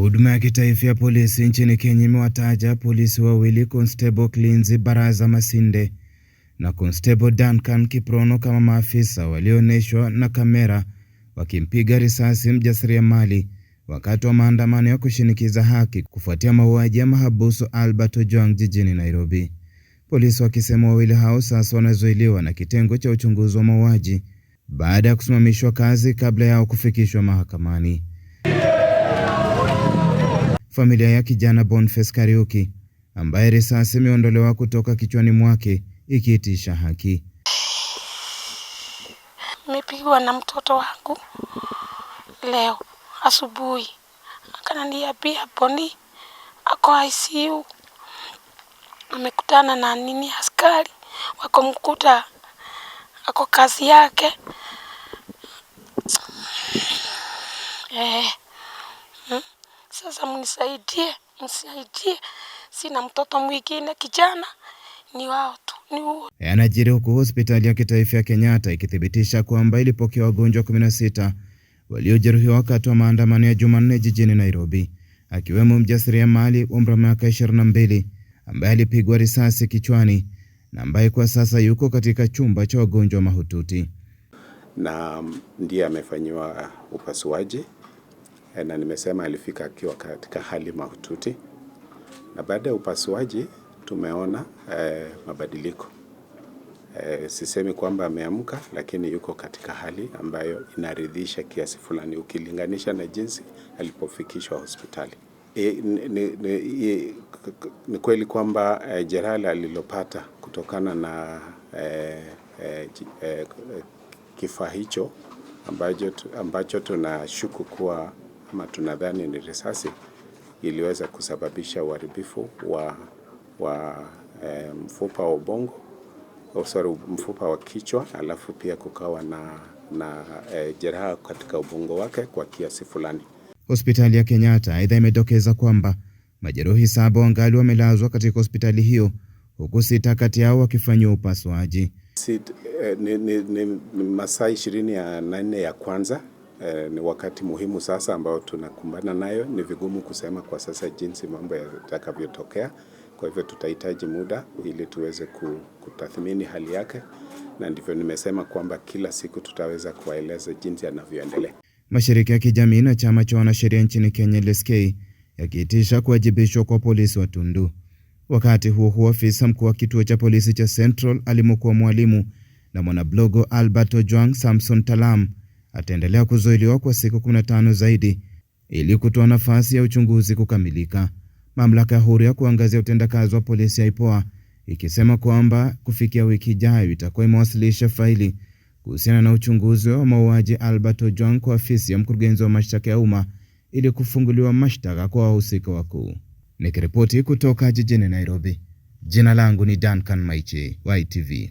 Huduma ya kitaifa ya polisi nchini Kenya imewataja polisi wawili Constable Klinzi Baraza Masinde na Constable Duncan Kiprono kama maafisa walioonyeshwa na kamera wakimpiga risasi mjasiriamali wakati wa maandamano ya kushinikiza haki kufuatia mauaji ya mahabusu Albert Ojwang jijini Nairobi. Polisi wakisema wawili hao sasa wanazuiliwa na kitengo cha uchunguzi wa mauaji baada ya kusimamishwa kazi kabla yao kufikishwa mahakamani familia ya kijana Boniface Kariuki ambaye risasi imeondolewa kutoka kichwani mwake ikiitisha haki. Nimepigwa na mtoto wangu leo asubuhi, akananiambia Boni ako ICU, amekutana na nini, askari wako mkuta, ako kazi yake eh. Sasa mnisaidie, msaidie, sina mtoto mwingine, kijana ni wao tu. Yanajiri e, huku hospitali ya kitaifa ya Kenyatta ikithibitisha kwamba ilipokea wagonjwa 16 waliojeruhiwa wakati wa maandamano ya Jumanne jijini Nairobi, akiwemo mjasiriamali mali umri wa miaka 22 ambaye alipigwa risasi kichwani na ambaye kwa sasa yuko katika chumba cha wagonjwa mahututi na mm, ndiye amefanyiwa upasuaji. Eh, na nimesema alifika akiwa katika hali mahututi, na baada ya upasuaji tumeona eh, mabadiliko eh, sisemi kwamba ameamka, lakini yuko katika hali ambayo inaridhisha kiasi fulani ukilinganisha na jinsi alipofikishwa hospitali. E, ni, ni, ni, ni kweli kwamba eh, jeraha alilopata kutokana na eh, eh, eh, kifaa hicho ambacho, ambacho tunashuku kuwa ama tunadhani ni risasi iliweza kusababisha uharibifu wa, wa e, mfupa wa ubongo oh, sorry, mfupa wa kichwa, alafu pia kukawa na, na e, jeraha katika ubongo wake kwa kiasi fulani. Hospitali ya Kenyatta aidha imedokeza kwamba majeruhi saba wangali wamelazwa katika hospitali hiyo huku sita kati yao wakifanyiwa upasuaji. Eh, ni, ni, ni, ni masaa ishirini na nne ya kwanza eh, ni wakati muhimu sasa ambao tunakumbana nayo. Ni vigumu kusema kwa sasa jinsi mambo yatakavyotokea, kwa hivyo tutahitaji muda ili tuweze kutathmini hali yake, na ndivyo nimesema kwamba kila siku tutaweza kuwaeleza jinsi yanavyoendelea. Mashirika ya kijamii na chama cha wanasheria nchini Kenya LSK yakiitisha kuwajibishwa kwa polisi wa Tundu. Wakati huo huo, afisa mkuu wa kituo cha polisi cha Central alimokuwa mwalimu na mwanablogo Albert Ojwang Samson Talam ataendelea kuzuiliwa kwa siku 15 zaidi ili kutoa nafasi ya uchunguzi kukamilika. Mamlaka ya huru ya kuangazia utendakazi wa polisi IPOA ikisema kwamba kufikia wiki ijayo itakuwa imewasilisha faili kuhusiana na uchunguzi wa mauaji Albert Ojwang kwa afisi ya mkurugenzi wa mashtaka ya umma ili kufunguliwa mashtaka kwa wahusika wakuu. Nikiripoti kutoka jijini Nairobi, jina langu ni Duncan Maiche, YTV.